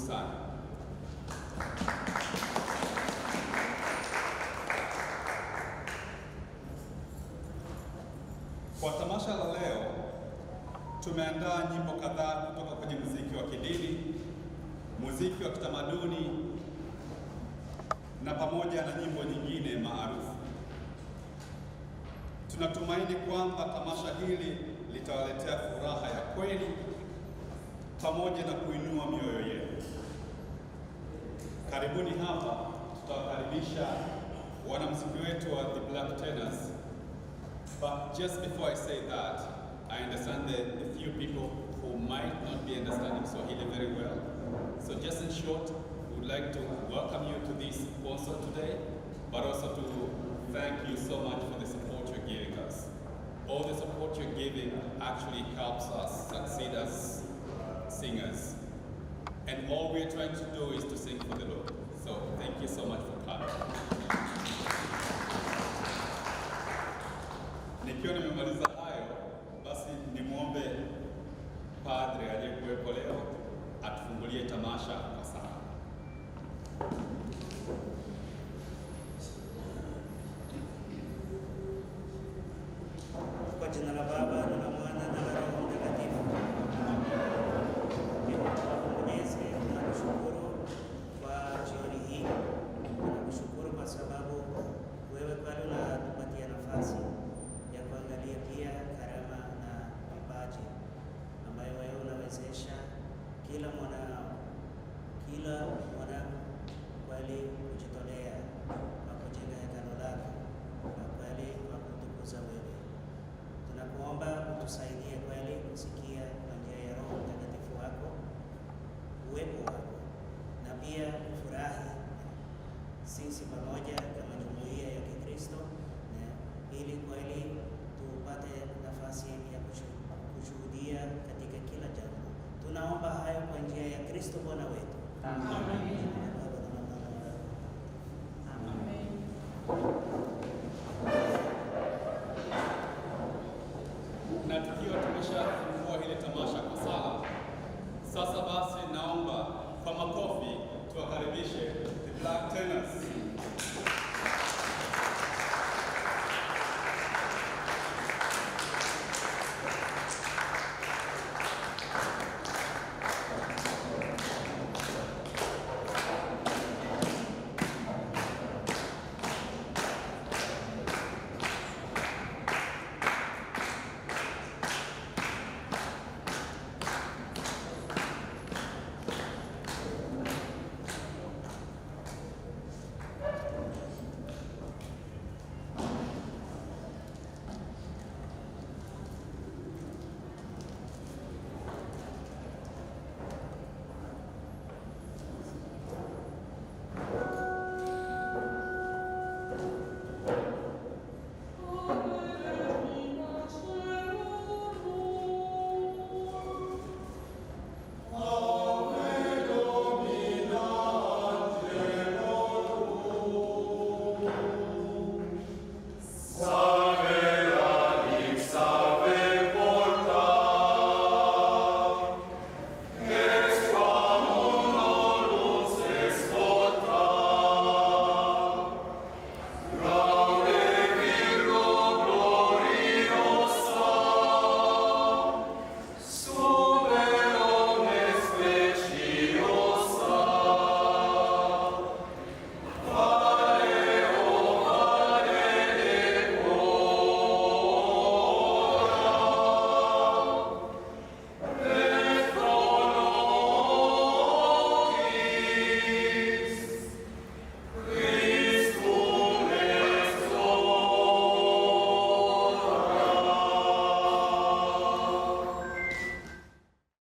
sana. Kwa tamasha la leo tumeandaa nyimbo kadhaa kutoka kwenye muziki wa kidini, muziki wa kitamaduni na pamoja na nyimbo nyingine maarufu. Tunatumaini kwamba tamasha hili litawaletea furaha ya kweli pamoja na kuinua mioyo yetu. Karibuni hapa, tutawakaribisha wanamuziki wetu wa The Black Tenors. But just before I say that, I understand that a few people who might not be understanding Swahili very well. So just in short, we would like to welcome you to this concert today, but also to thank you so much for the support you're giving us. All the support you're giving actually helps us succeed as singers. And all we're trying to do is to sing for the Lord. So thank you so much for coming. Nikiwa nimemaliza kila mwana kila mwana kweli kujitolea na kujenga hekalo lako na kweli kwa kutukuza wewe. Tunakuomba utusaidie kweli kusikia kwa njia ya Roho Mtakatifu wako uwepo wako na pia kufurahi sisi pamoja kama jumuiya ya Kikristo, ili kweli tupate nafasi ya Kristo ko na wito. Amen.